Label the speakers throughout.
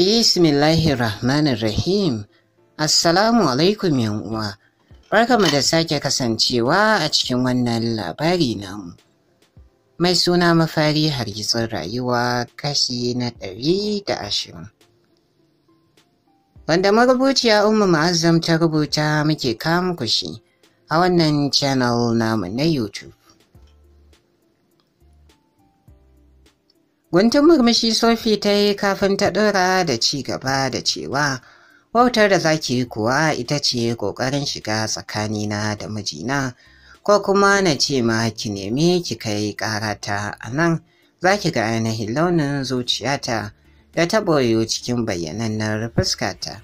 Speaker 1: Bismillahirrahmanirrahim. Assalamu alaikum uwa. Barkamu da sake kasancewa a cikin wannan labari namu. Mai suna mafari hargitsin rayuwa kashi na ɗari da ashirin. Wanda marubuci marubuciya Ummu Ma'azzam ta rubuta muke kamu kushi a wannan channel namu na YouTube. Guntun murmushi Sophie ta yi kafin ta ɗora da ci gaba da cewa wautar da zaki kuwa ita ce ƙoƙarin shiga tsakanina da mijina ko kuma na ce ma ki nemi ki kai ƙarata a nan za ki ga ainihin launin zuciyata da ta boyo cikin bayyanannen fuskata.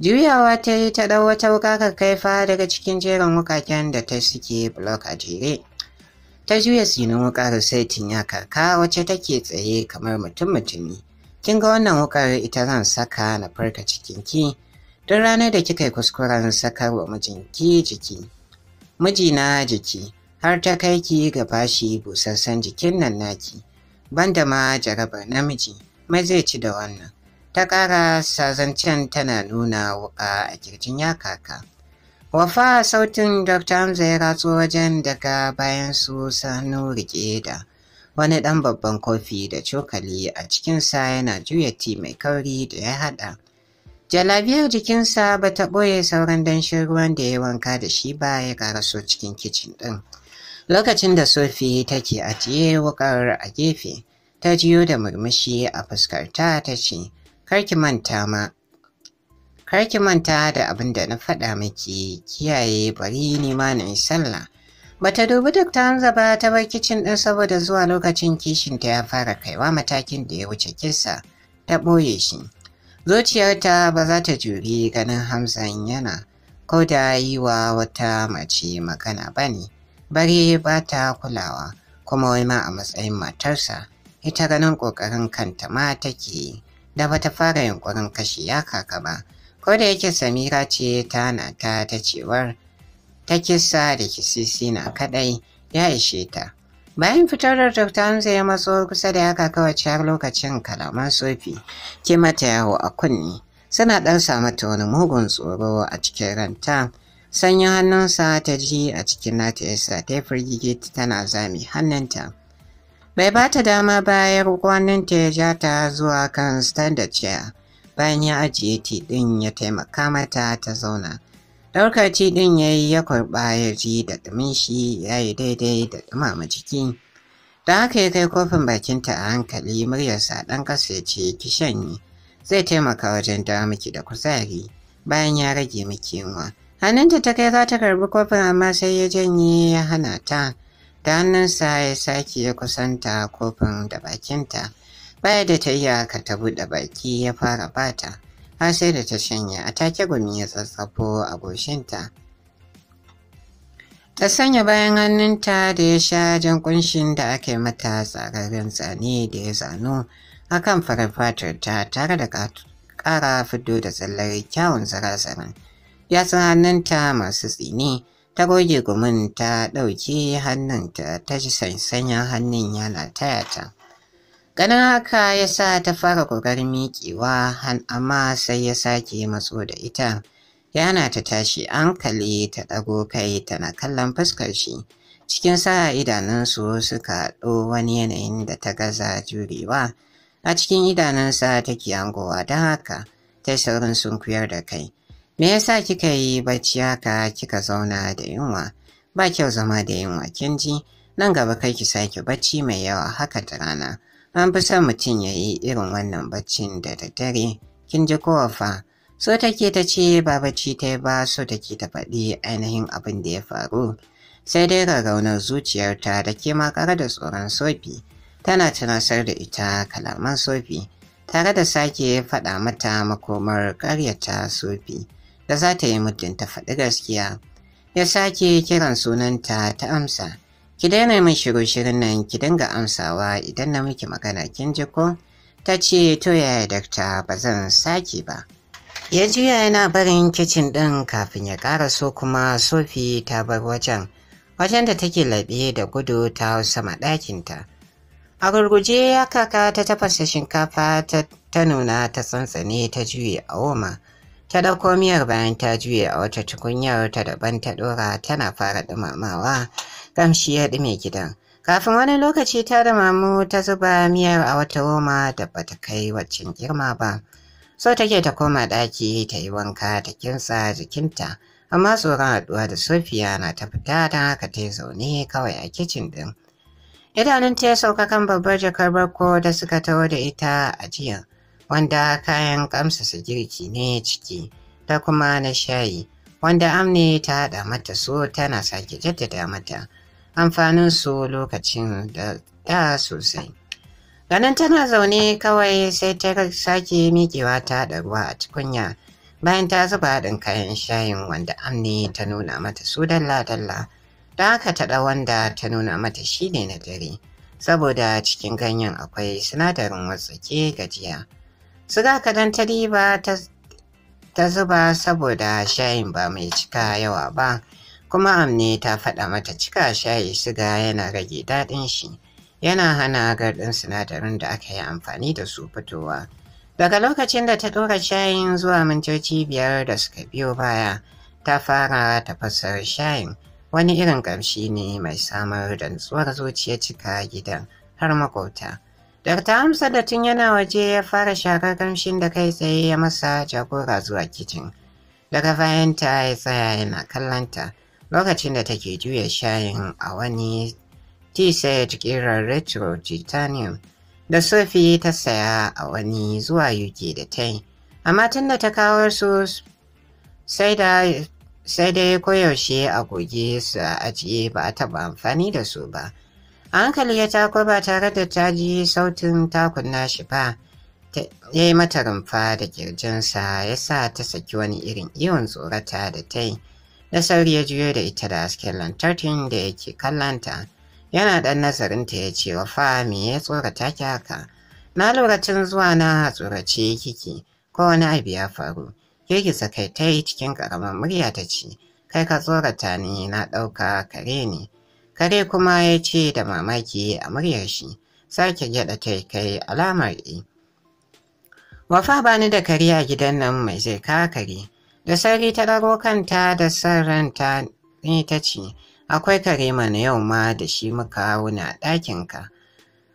Speaker 1: Juyawa ta yi ta ɗau wata ka kaifa daga cikin jerin wukaken da ta suke blok a jere. ta juya tsinin wukar saitin ya karka wacce take tsaye kamar mutum mutumi kin ga wannan wukar ita zan saka na farka cikin ki? don ranar da kika yi kuskuren sakarwa mijinki jiki mijina jiki har ta kai ki ga bashi busassan jikin nan naki da ma jarabar namiji mai zai ci da wannan ta ƙara sazancen tana nuna wuƙa a kirjin ya kaka Wafa sautin Dr. Hamza ya ratso wajen daga bayan su sanu riƙe da wani ɗan babban kofi da cokali a cikinsa yana juya ti mai kauri da ya haɗa. Jalabiyar jikinsa ba ta ɓoye sauran danshin ruwan da ya wanka da shi ba ya karaso cikin kicin ɗin. Lokacin da Sophie take ajiye wukar a gefe, ta jiyo da murmushi a fuskarta ta ce, Karki manta ma, kar ki manta da abin da na faɗa miki kiyaye bari ni ma na yi sallah bata dubi duk ta hanza ba ta bar kicin ɗin saboda zuwa lokacin kishin ta ya fara kaiwa matakin da ya wuce kisa ta ɓoye shi zuciyarta ba za ta juri ganin hamzan yana ko da yi wa wata mace magana ba ne bari ba ta kulawa kuma wai ma a matsayin matarsa ita ganin ƙoƙarin kanta ma take da bata fara yunƙurin kashe ya kaka ba Ko da yake Samira ce ta na ta cewar ta kisa da kisisi na kadai ya ishe ta. Bayan fitar da Dr. Hamza ya matso kusa da haka kawace har lokacin kalaman sofi ke mata yawo a kunni suna samu ta wani mugun tsoro a cikin ranta. Sanyin hannunsa ta ji a cikin nata yasa ta firgige tana zami hannunta. Bai ba ta dama bayan ya ta ya ja ta zuwa kan standard chair. bayan ya ajiye ti ɗin ya taimaka mata ta zauna. Ɗaukar ti ɗin ya yi ya kurɓa ya ji da ɗumin shi ya yi daidai da ɗumama jiki. Da haka ya kai kofin bakinta a hankali muryarsa ɗan ƙasa ya ce ki shanye zai taimaka wajen dawo miki da kuzari bayan ya rage miki yunwa. Hannunta ta kai za ta karbi kofin amma sai ya janye ya hana ta. Da hannunsa ya sake ya kusanta kofin da bakinta. Baya da ta yi haka ta buɗe baki ya fara bata, har sai da ta shanya a take gumi ya tsatsafo a goshinta. Ta sanya bayan hannunta da ya sha jan kunshin da aka mata tsararren zane da ya zano a kan farin fatar ta tare da ƙara fito da tsallar kyawun zara Ya san hannunta masu tsini ta goge gumin ta ɗauki hannunta ta ji sansanyan hannun yana lataya ta. Ganin haka ya sa ta fara ƙoƙarin miƙewa amma sai ya sake matso da ita. Yana ta tashi hankali ta ɗago kai tana kallon fuskar shi. Cikin sa idanunsu suka haɗo wani yanayin da ta gaza jurewa. A cikin idanunsa take angowa don haka ta saurin sunkuyar da kai. Me yasa kika yi bacci haka kika zauna da yunwa? Ba kyau zama da yunwa kin ji? Nan gaba kai ki sake bacci mai yawa haka ta rana. An fi son mutum ya yi irin wannan baccin da daddare, kin ji kowa fa. So take ta ce ba bacci ta ba so take ta faɗi ainihin abin da ya faru. Sai dai rarraunar zuciyarta da ke makara da tsoron sofi, tana tunasar da ita kalaman sofi, tare da sake faɗa mata makomar karyata sofi da za ta yi muddin ta faɗi gaskiya. Ya sake kiran sunanta ta amsa. Ki daina min shiru-shirin nan ki dinga amsawa idan na miki magana kin ji ko? Ta ce to yaya dakta ba zan sake ba. Ya juya yana barin kicin ɗin kafin ya ƙara so kuma Sofi ta bar wajen. Wajen da take laɓe da gudu ta sama ɗakinta. A gurguje ya kaka ta tafasa shinkafa ta nuna ta tsantsane ta juye a woma. ta ɗauko miyar bayan ta juye a wata tukunyar ta daban ta ɗora tana fara ɗumamawa kamshi ya ɗume gidan. Kafin wani lokaci ta da mamu ta zuba miyar a wata goma da bata kai waccan girma ba. So take ta koma ɗaki ta yi wanka ta kinsa jikinta, amma tsoron haɗuwa da Sofiya na ta fita da haka ta zaune kawai a kicin ɗin. Idanun ya sauka kan babbar jakar barko da suka taho da ita a jiya, wanda kayan su girki ne ciki da kuma na shayi, wanda amne ta haɗa mata so tana sake jaddada mata. amfanin su lokacin da da sosai. Ganin tana zaune kawai sai ta sake miƙewa ta da ruwa a tukunya bayan ta zuba haɗin kayan shayin wanda amni ta nuna mata su dalla-dalla da haka taɗa wanda ta nuna mata shi ne na dare saboda cikin ganyen akwai sinadarin watsake gajiya. Suga kadan ta riba ta zuba saboda shayin ba mai cika yawa ba kuma amne ta faɗa mata cika shayi suga yana rage daɗin shi yana hana gardin sinadarin da aka yi amfani da su fitowa daga lokacin da ta ɗora shayin zuwa mintoci biyar da suka biyo baya ta fara tafasar shayin wani irin ƙamshi ne mai samar da nutsuwar zuciya cika gidan har makota Dakta Hamsa da tun yana waje ya fara shakar kamshin da kai tsaye ya masa jagora zuwa kicin. Daga bayanta ya tsaya yana kallanta. lokacin da take juya shayin a wani t-shirt ƙirar retro titanium da sufi ta saya a wani zuwa uk da ta yi amma tun da ta kawo su sai dai koyaushe a goge su a ajiye ba a taba amfani da su ba a hankali ya tako ba tare da ta ji sautin takunna shi ba ya yi mata rumfa da kirjinsa ya sa ta saki wani irin iyon tsorata da ta yi da sauri ya juyo da ita da hasken lantarkin da yake kallanta. Yana ɗan nazarinta ya ce wa fa me ya tsorata ki haka. Na lura tun zuwa na tsorace kiki ko wani abu ya faru. Girgiza kai ta yi cikin ƙaramin murya ta ce, kai ka tsorata ni na ɗauka kare ne. Kare kuma ya ce da mamaki a muryar shi, sake gyaɗa ta kai alamar e. Wafa bani da kare a gidan nan mai zai ka kare. Da sauri ta ɗago kanta da son ranta ne ta ce, Akwai kare mana yau ma da shi muka wuna ɗakinka.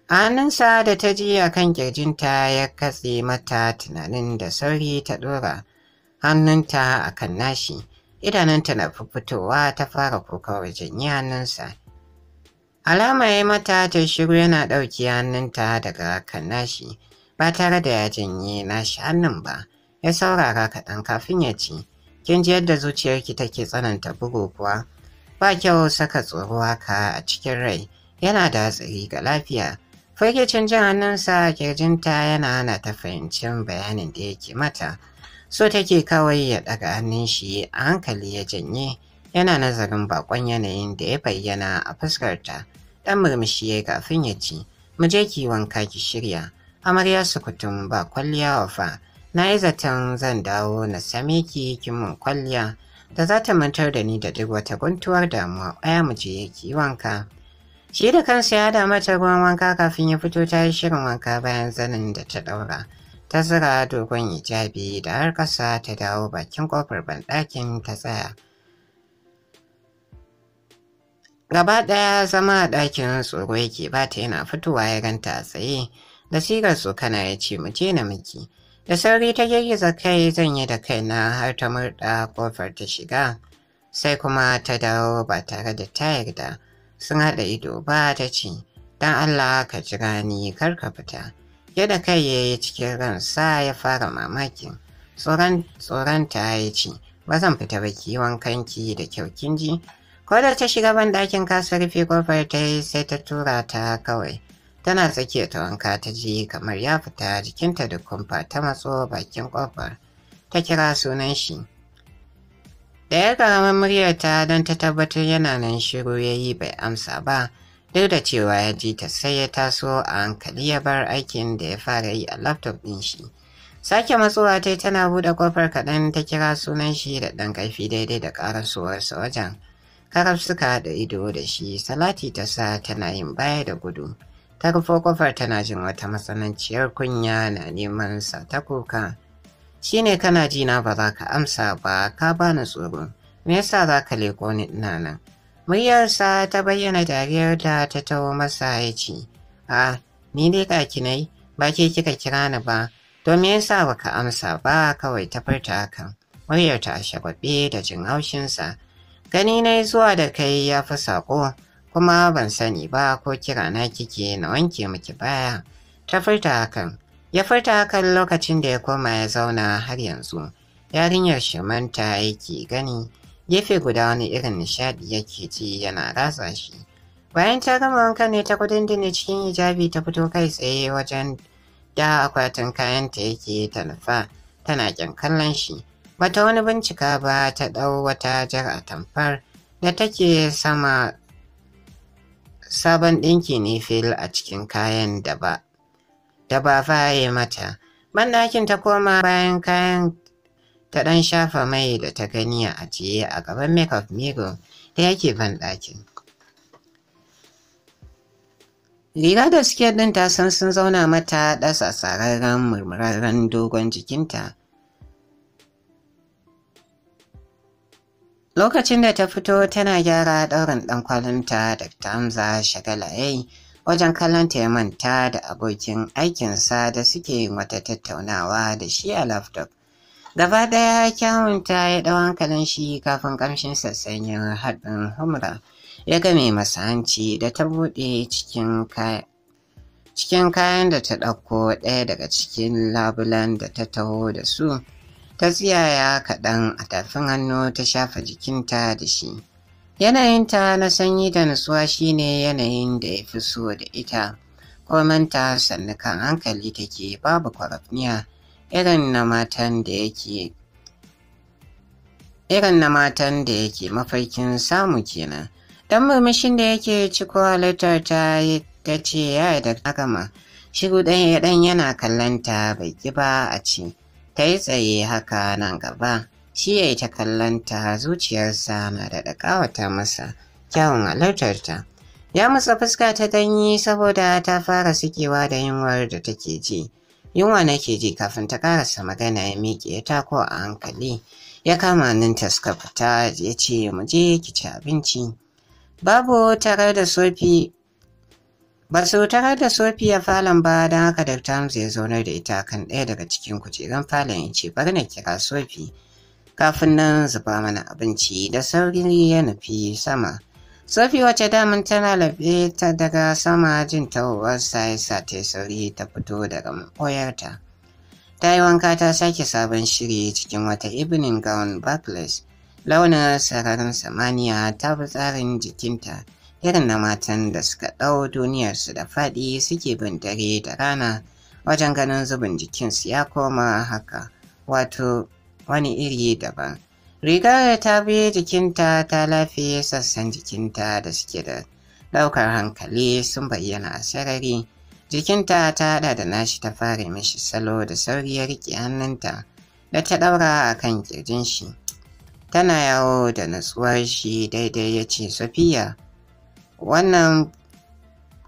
Speaker 1: A hannunsa da ta ji a kan ƙirjinta ya katse mata tunanin da sauri ta ɗora hannunta a kan nashi. Idanunta na fitowa ta fara kuka wajen yi hannunsa. Alama ya mata ta shiru yana ɗauki hannunta daga kan nashi ba tare da ya janye nashi hannun ba. ya saurara kaɗan kafin ya ci. Kin ji yadda zuciyarki take tsananta bugu kuwa? Ba kyau saka tsoro haka a cikin rai, yana da hatsari ga lafiya. farkicin jin hannunsa kirjinta yana hana ta fahimcin bayanin da yake mata. So take kawai ya ɗaga hannun shi a hankali ya janye, yana nazarin bakon yanayin da ya bayyana a fuskarta. Ɗan murmushi ya kafin ya ci, mu je ki wanka ki shirya. Amarya sukutum ba kwalliya wa fa, Na yi zaton zan dawo na same ki kin mun kwalliya da za ta mantar da ni da duk wata guntuwar damuwa ƙwaya mu je yake wanka. Shi da kansa ya da mata ruwan wanka kafin ya fito ta yi shirin wanka bayan zanin da ta ɗaura. Ta zira dogon hijabi da har ƙasa ta dawo bakin ƙofar banɗakin ta tsaya. Gaba ɗaya zama a ɗakin tsoro yake ba ta yana fitowa ya ganta a tsaye. Da sigar sokana ya ce mu je na miki. Da sauri ta girgiza kai zan yi da kaina har ta murɗa ƙofar ta shiga, sai kuma ta dawo ba tare da ta yarda sun haɗa ido ba ta ce, don Allah ka jira ni kar ka fita. Yadda kai ya yi cikin ransa ya fara mamakin, tsoron ta ya ce, ba zan fita ba ki wankan ki da kyau kin ji. Kodar ta shiga ban ɗakin kasa fi ƙofar ta yi sai ta tura ta kawai. Tana tsakiyar ta wanka ta ji kamar ya fita jikinta da kumfa ta matso bakin kofar Ta kira sunan shi. Da ya karamar muryarta don ta tabbatar yana nan shiru ya yi bai amsa ba, duk da cewa ya ji ta sai ya taso a hankali ya bar aikin da ya fara yi a laptop ɗin shi. Sake matsowa ta tana buɗe ƙofar kaɗan ta kira sunan shi da ɗan kaifi daidai da suwarsa wajen. Karaf da ido da shi, Salati ta sa tana yin baya da gudu. ta rufo kofar tana jin wata matsananciyar kunya na neman sa ta kuka shi ne kana ji na ba za ka amsa ba ka bani tsoro me yasa za ka leko ni ina nan muryarsa ta bayyana dariyar da ta taho masa ya ce a ni dai ka nai ba ke kika kira ni ba to me yasa ba ka amsa ba kawai ta furta hakan muryar ta shagwabe da jin haushinsa gani na zuwa da kai ya fi saƙo kuma ban sani ba ko kira na kike na wanke miki baya. Ta furta hakan, ya furta hakan lokacin da ya koma ya zauna har yanzu. Yarinyar shimanta yake gani, gefe guda wani irin nishaɗi yake ci yana rasa shi. Bayan ta gama wanka ne ta dini cikin hijabi ta fito kai tsaye wajen da akwatin kayanta yake ta nufa tana kyan kallon shi. Bata wani bincika ba ta dau wata jar atamfar da take sama sabon ɗinki ne fil a cikin kayan da ba da ba faye mata banɗakin ta koma bayan kayan ta ɗan shafa mai da ta gani a ajiye a gaban makeup mego da yake banɗakin riga da siket ɗin ta san sun zauna mata ɗasa tsararren murmurarren dogon jikinta Lokacin da ta fito tana gyara ɗaurin ɗan kwalinta da ta amza shagala wajen kallon ta manta da abokin aikinsa da suke wata tattaunawa da shi a laptop. Gaba ɗaya kyawunta ya ɗau hankalin shi kafin ƙamshin sassanyin haɗin humra ya game masa hanci da ta buɗe cikin kayan. Cikin kayan da ta ɗauko ɗaya daga cikin labulan da ta taho da su, ta tsiyaya kaɗan a tafin hannu ta shafa jikinta da shi. Yanayinta na sanyi da nutsuwa shine yanayin da ya fi so da ita, komanta sannu kan hankali take babu kwarafniya irin na matan da yake mafarkin samu kenan. Dan murmushin da yake ciko halittar ta ta ce ya da gama, shi ɗan yana kallon ta bai ki ba a ce. ta yi tsaye haka nan gaba shi ya yi ta kallonta zuciyarsa na da ƙawata masa kyawun halartarta ya matsa fuska ta danyi saboda ta fara sikewa da yunwar da take ji yunwa nake ji kafin ta karasa magana ya miƙe ya tako a hankali ya kama ninta suka fita ya ce mu je ki ci abinci babu tare da sofi Ba su tarar da Sofiya falon ba don haka Dr. Hamza ya zaunar da ita kan ɗaya daga cikin kujerun falon ya ce bari na kira Sofi. Kafin nan zuba mana abinci da sauri ya nufi sama. Sofi wace damun tana labe ta daga sama jin tawowarsa ya sa ta sauri ta fito daga maɓoyarta. Ta yi wanka ta sake sabon shiri cikin wata evening gown backless launin sararin samaniya ta fi tsarin jikinta. irin na matan da suka ɗau duniyarsu da faɗi suke bin dare da rana wajen ganin zubin jikinsu ya koma haka wato wani iri daban. Rigar ta bi jikinta ta lafiye sassan jikinta da suke da ɗaukar hankali sun bayyana a sarari. Jikinta ta haɗa da nashi ta fara mishi salo da sauri ya riƙe hannunta da ta ɗaura a kan kirjin shi. Tana yawo da natsuwar shi daidai ya ce Sofiya. wannan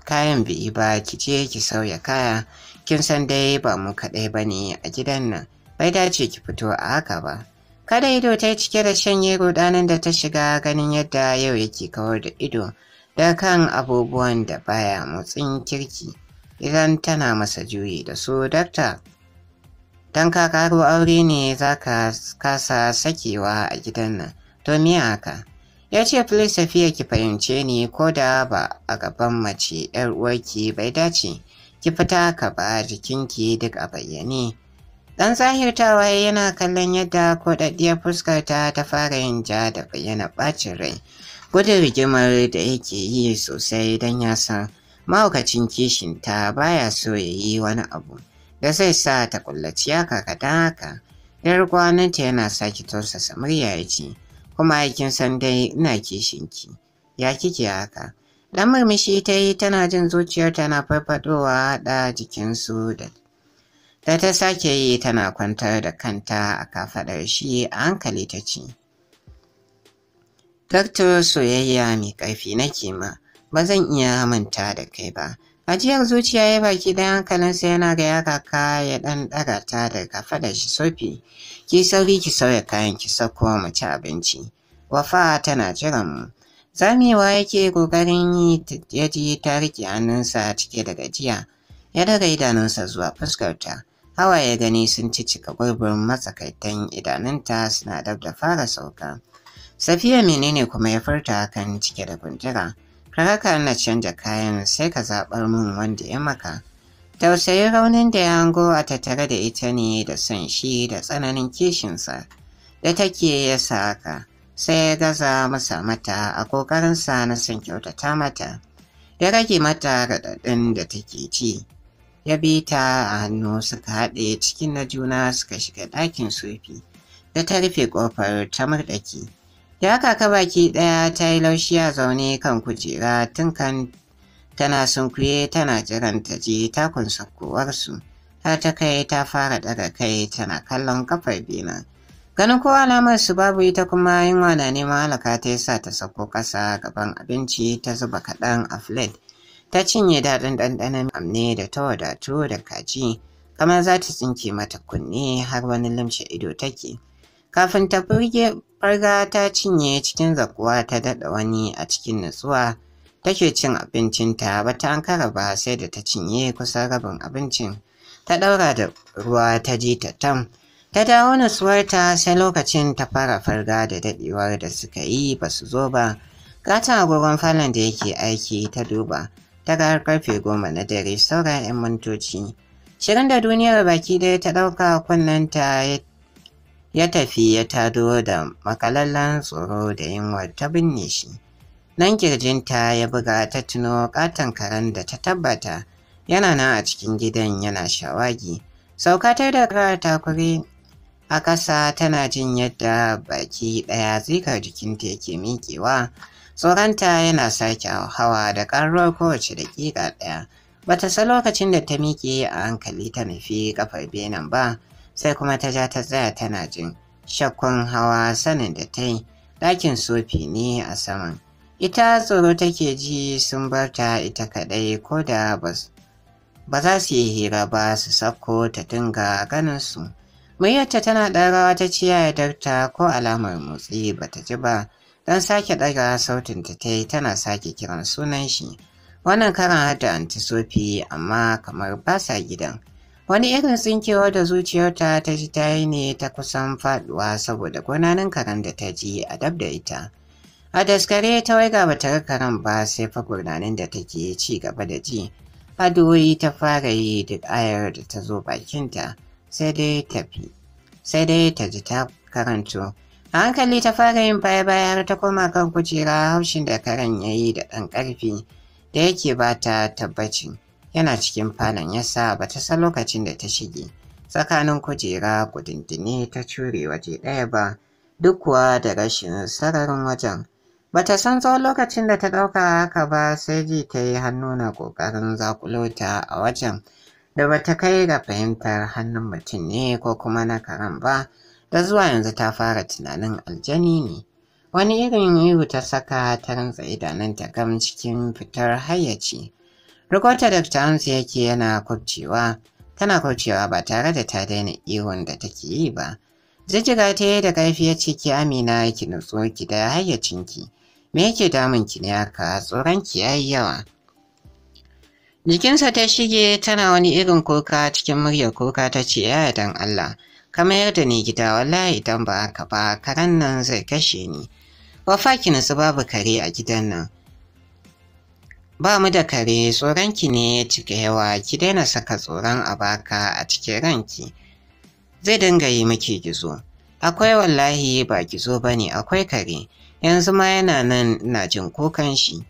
Speaker 1: kayan biyu ba ki je ki sauya kaya kin san dai ba mu kaɗai ba ne a gidan nan bai dace ki fito a haka ba kada ido ta yi cike da shan yero ɗanin da ta shiga ganin yadda yau yake kawar da ido da kan abubuwan da baya motsin kirki idan tana masa juyi da su dakta don ka karo aure ne za ka kasa sakewa a gidan nan to me haka ya ce please safiya ki fahimce ni ko da ba a gaban mace yar uwarki bai dace ki fita ka ba jikinki duk a bayyane dan zahirtawa yana kallon yadda kodaddiyar fuskar ta ta fara yin ja da bayyana bacin rai gudun rigimar da yake yi sosai don ya san mahaukacin kishinta baya so ya yi wani abu da zai sa ta kullaci ya don haka. Yar gwaninta yana sake tausasa murya ya ce, kuma kin san dai ina kishinki ya kike haka Dan murmushi ta yi tana jin zuciyarta na farfadowa da jikinsu da da ta sake yi tana kwantar da kanta a kafaɗar shi a hankali ta ce Daktar soyayya mai ƙarfi na kima ba zan iya manta da kai ba Ajiyar zuciya ya baki dan hankalinsa yana ga ya kaka ya ɗan ɗaga ta daga faɗa shi sofi. Ki sauri ki sauya kayan ki sako mu ci abinci. Wafa tana jiran mu. Zamewa yake ƙoƙarin yi ya ji ta rike hannunsa cike da gajiya. Ya daga idanunsa zuwa fuskarta. Hawaye gani sun ci cika gurbin matsakaitan idanunta suna dab da fara sauka. Safiya menene kuma ya furta hakan cike da kuntura. Ka haka na canza kayan sai ka zaɓar mun wanda ya maka. Tausayin raunin da ya hango a tattare da ita ne da son shi da tsananin kishinsa da take ya sa haka. Sai ya gaza masa mata a ƙoƙarinsa na son kyautata mata. Ya rage mata raɗaɗin da take ci. ya bi ta a hannu suka haɗe cikin na juna suka shiga ɗakin sufi da ta rufe ƙofar ta murɗaki Da haka baki ɗaya ta yi laushi a zaune kan kujera tun kan tana sunkuye tana jiran ta je takun sakkowarsu har ta kai ta fara ɗaga kai tana kallon kafar bina Ganin ko alamar su babu ita kuma yunwa na neman halaka ta sa ta sako ƙasa gaban abinci ta zuba kaɗan a filet. Ta cinye daɗin ɗanɗanon amne da ta wadatu da kaji kamar za ta tsinke mata kunne har wani limshe ido take. Kafin ta farga ta cinye cikin zakuwa ta daɗa wani a cikin nutsuwa take cin abincinta ba ta ankara ba sai da ta cinye kusan rabin abincin. Ta ɗaura da ruwa ta ji ta tam. Ta dawo nutsuwarta sai lokacin ta fara farga da daɗewar da suka yi ba su zo ba. Gata agogon falon da yake aiki ta duba, ta ga karfe goma na dare saura 'yan mintoci. Shirin da duniyar baki ɗaya ta ɗauka kunnenta ya ya tafi ya tado da makalallan tsoro da yunwar ta binne shi. Nan kirjinta ya buga ta tuno katon karen da ta tabbata yana nan a cikin gidan yana shawagi. Sauka ta da karar takuri a ƙasa tana jin yadda baki ɗaya zikar jikinta yake miƙewa. Tsoronta yana sake hawa da ƙaruwar kowace daƙiƙa ɗaya. Bata sa lokacin da ta miƙe a hankali ta nufi kafar benen ba. sai kuma ta ja ta tsaya tana jin shakkun hawa sanin da ta yi ɗakin sofi ne a saman. Ita tsoro take ji sun bar ta ita kaɗai ko da ba za su yi hira ba su sako ta dinga ganin su. Muryarta tana ɗarawa ta ciya ya darta ko alamar motsi ba ta ji ba, don sake ɗaga sautin ta ta yi tana sake kiran sunan shi. Wannan karan hada anti sofi amma kamar ba sa gidan. Wani irin tsinkewa da zuciyarta ta ji ta yi ne ta kusan faduwa saboda gwananin karen da ta ji a dab da ita. A daskare ta wai ga ta karen ba sai fa gurnanin da take ci gaba da ji. Adoyi ta fara yi duk ayar da ta zo bakinta sai dai tafi. Sai dai ta ji ta karanto. A hankali ta fara yin baya bayar ta koma kan kujera haushin da karen ya yi da ɗan ƙarfi da yake ba ta tabbacin. yana cikin falon yasa ba ta san lokacin da ta shige tsakanin kujera kudindini ta cure waje ɗaya ba duk kuwa da rashin sararin wajen ba ta san tsawon lokacin da ta ɗauka haka ba sai ji ta yi hannu na ƙoƙarin zakulota a wajen da ba ta kai ga fahimtar hannun mutum ne ko kuma na karan ba da zuwa yanzu ta fara tunanin aljani ne wani irin ihu ta saka ta rantsa idanunta gam cikin fitar hayyaci Rikota Dr. Amsu yake yana kubcewa, tana kubcewa ba tare da ta daina ihun da take yi ba. Jijjiga ta yi da ƙarfi ya ce ki Amina ki nutso ki da hayyacinki. Me yake damun ki ne haka tsoron ki yayi yawa. Jikinsa ta shige tana wani irin kuka cikin muryar kuka ta ce yaya dan Allah, ka mayar da ni gida wallahi idan ba haka ba karen nan zai kashe ni. Wafa ki nutsu babu kare a gidan nan. Ba mu da kare tsoronki ne ya cika yawa ki daina saka tsoron a baka a cikin ranki. Zai dinga yi miki gizo. Akwai wallahi ba gizo ba ne akwai kare. Yanzu ma yana nan na jin kukan shi.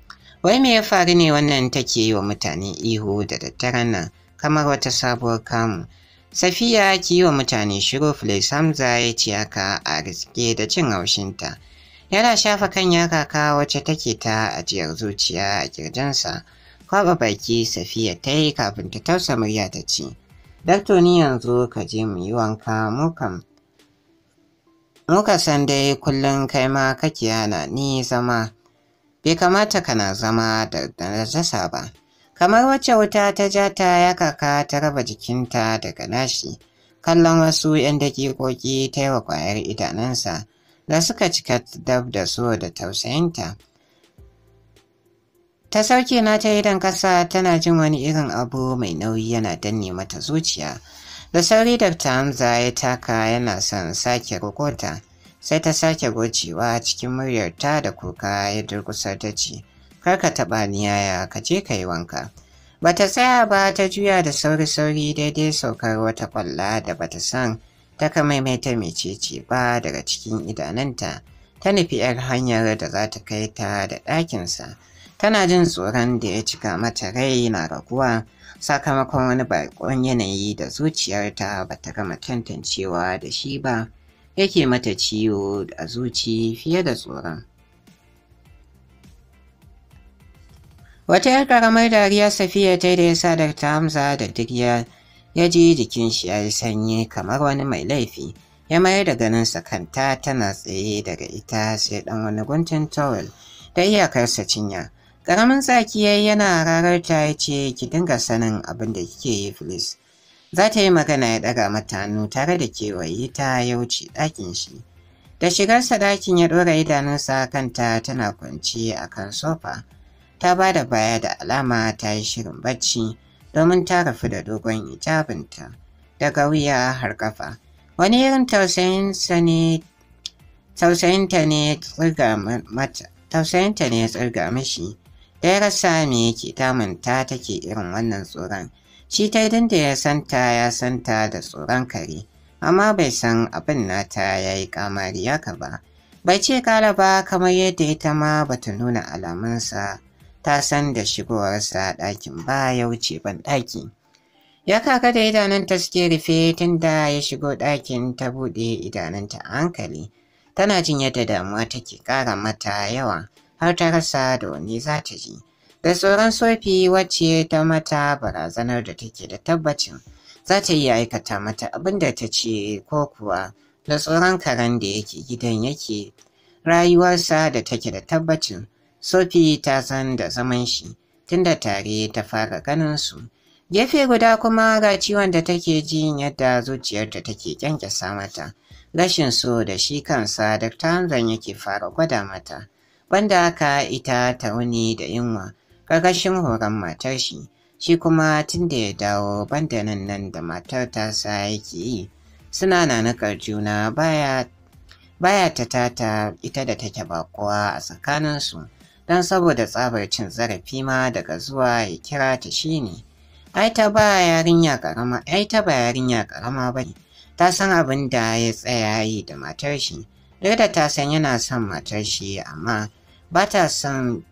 Speaker 1: Wai me ya faru ne wannan take yi wa mutane ihu da daddaren nan kamar wata sabuwar kamu. Safiya ki yi wa mutane shiru Filis samza ya ce haka a riske da cin haushinta. Yana shafa kan kaka wacce take ta ajiyar zuciya a kirjinsa. Kwaba baki Safiya ta yi kafin ta tausa murya ta ce, Dakto ni yanzu ka je mu yi wanka mu Muka san dai kullum kai ma kake yana ni zama. Bai kamata kana zama da najasa ba. Kamar wacce wuta ta ja ta yakaka ta raba jikinta daga nashi. Kallon wasu ‘yan dakikoki ta yi wa kwayar idanunsa. da suka cika dab da so da tausayinta. Ta sauke na ta idan ƙasa tana jin wani irin abu mai nauyi yana danne mata zuciya. Da sauri ta Hamza ya taka yana son sake rokota, sai ta sake gocewa cikin muryar ta da kuka ya durkusa ta ce, Kar ka taɓa ni yaya ka je ka yi wanka. Bata tsaya ba ta juya da sauri-sauri daidai saukar wata kwalla da bata san ta kamaimaita mecece ba daga cikin idananta ta nufi yar hanyar da za ta kai ta da ɗakinsa tana jin tsoron da ya cika mata rai na raguwa sakamakon wani bakon yanayi da zuciyarta ba ta gama tantancewa da shi ba yake mata ciwo a zuci fiye da tsoron wata yar karamar dariya safiya ta da ya sadar ta hamza da duk ya ji jikin shi ya yi sanyi kamar wani mai laifi ya mayar da ganinsa kanta tana tsaye daga ita sai dan wani guntun towel da iyakarsa cinya ƙaramin tsaki yana rarar ta ya ce ki dinga sanin abin da kike yi filis za ta yi magana ya ɗaga mata hannu tare da kewaye ta ya wuce ɗakin shi da shigarsa ɗakin ya ɗora idanunsa kanta tana kwance a kan sofa ta ba da baya da alama ta yi shirin bacci domin ta rafu da dogon hijabinta daga wuya har kafa. Wani irin tausayinta ne ya tsirga mashi. tausayinta ne ya tsirga mishi, da ya rasa me take irin wannan tsoron. Shi ta idan da ya santa ya santa da tsoron kare, amma bai san abin nata ya yi kamari ka ba. Bai ce kala ba kamar yadda ita ma bata nuna alamunsa ta san da shigowarsa ɗakin ba ya wuce ban ɗaki. Ya kaka da idanunta suke rufe tun da ya shigo ɗakin ta buɗe idanunta a hankali. Tana jin yadda damuwa take ƙara mata yawa har ta rasa da wani za ta ji. Da tsoron sofi wacce ta mata barazanar da take da tabbacin za ta iya aikata mata abin da ta ce ko kuwa da tsoron karen da yake gidan yake rayuwarsa da take da tabbacin Sophie ta san da zaman shi tunda tare ta fara ganin su. Gefe guda kuma ga ciwon da take ji yadda zuciyarta take kyankyasa mata. Rashin so da shi kansa da Hamzan yake fara gwada mata. Banda haka ita ta wuni da yunwa ƙarƙashin horon matar shi. Shi kuma tun da ya dawo banda nan nan da matar tasa yake yi. Suna nanukar juna baya baya ta tata ita da take bakuwa a tsakaninsu. don saboda tsabar cin zarafi ma daga zuwa ya kira ta shi ne. Ai ta ba yarinya karama, ai ba ne, ta san abin da ya tsaya yi da matar shi, duk da ta san yana son matar shi amma ba ta san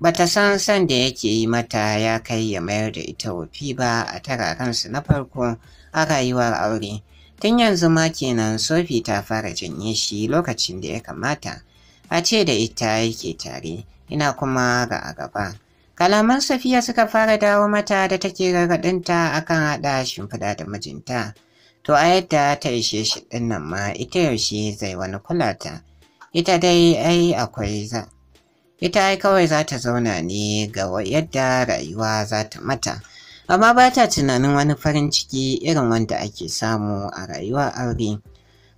Speaker 1: ba ta san san da yake yi mata ya kai ya mayar da ita wofi ba a tararansu na farko a rayuwar aure. Tun yanzu ma kenan Sophie ta fara janye shi lokacin da ya kamata. a ce da ita yake tare, ina kuma ga a gaba. Kalaman Safiya suka fara dawo mata da take gargaɗinta akan haɗa shimfiɗa da mijinta. To a yadda ta ishe shi ɗin nan ma ita yaushe zai wani kula Ita dai ai akwai za. Ita ai kawai za ta zauna ne ga yadda rayuwa za ta mata. Amma ba ta tunanin wani farin ciki irin wanda ake samu a rayuwar aure.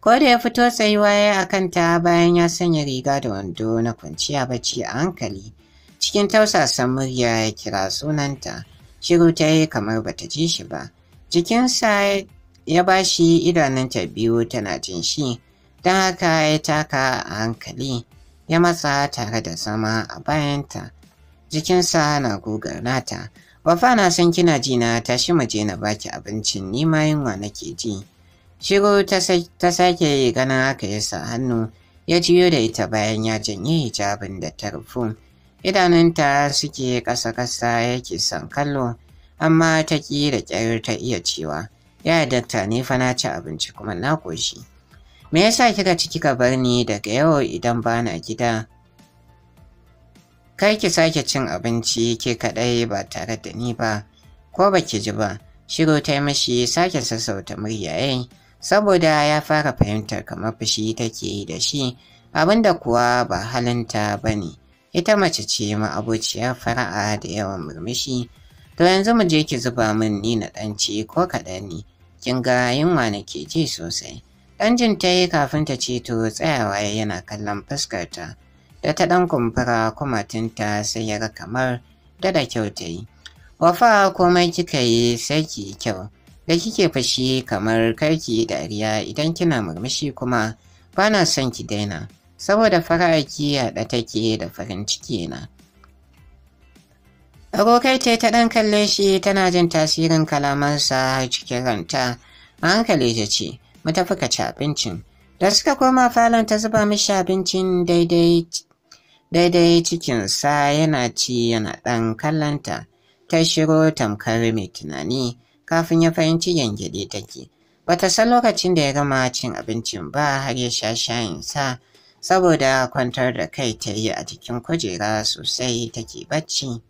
Speaker 1: ko da ya fito tsayuwa ya a kanta bayan ya sanya riga da wando na kwanciya bacci a hankali cikin tausasan murya ya kira sunanta shiru ta yi kamar bata ji shi ba jikinsa ya ba shi idanunta biyu tana jin shi don haka ya taka a hankali ya matsa tare da zama a bayanta jikinsa na gugar nata wafa na san kina ji na tashi mu je na baki abincin ni ma yunwa nake ji Shiru ta sake ganin aka yi sa hannu ya jiyo da ita bayan ya janye hijabin da ta rufu. Idanunta suke ƙasa-ƙasa yake son kallo, amma ta ƙi da ƙyar ta iya cewa, ya dakta ne fa na ci abinci kuma na ƙoshi. Me yasa kika ci kika bar ni daga yau idan ba na gida? Kai ki sake cin abinci ke kaɗai ba tare da ni ba, ko ba ki ji ba, Shiro ta yi mashi sake sassauta muryayen saboda ya fara fahimtar kamar fushi take yi da shi abinda kuwa ba halinta ba ne ita mace ce ma'abociyar fara'a da yawan murmushi to yanzu mu je ki zuba min ni na ɗanci ko kaɗan ne kin ga yunwa ke ji sosai ɗan jin ta yi kafin ta ce to tsayawa yana kallon fuskarta da ta ɗan kumfura kumatinta sai ya ga kamar da da kyau ta yi wafa komai kika yi sai ki yi kyau da kike fashi kamar karki dariya idan kina murmushi kuma ba na son ki daina saboda fara'aki yaɗa take da farin ciki na. Abokai ce ta ɗan kalle shi tana jin tasirin kalamansa cikin ranta a hankali ta ce mu tafi ka ci abincin da suka koma falon ta zuba mishi abincin daidai cikinsa yana ci yana ɗan kallonta ta shiro tamkar mai tunani kafin ya fahimci gyangyaɗe take. Bata san lokacin da ya gama cin abincin ba har ya sha shayinsa saboda kwantar da kai ta yi a jikin kujera sosai take bacci.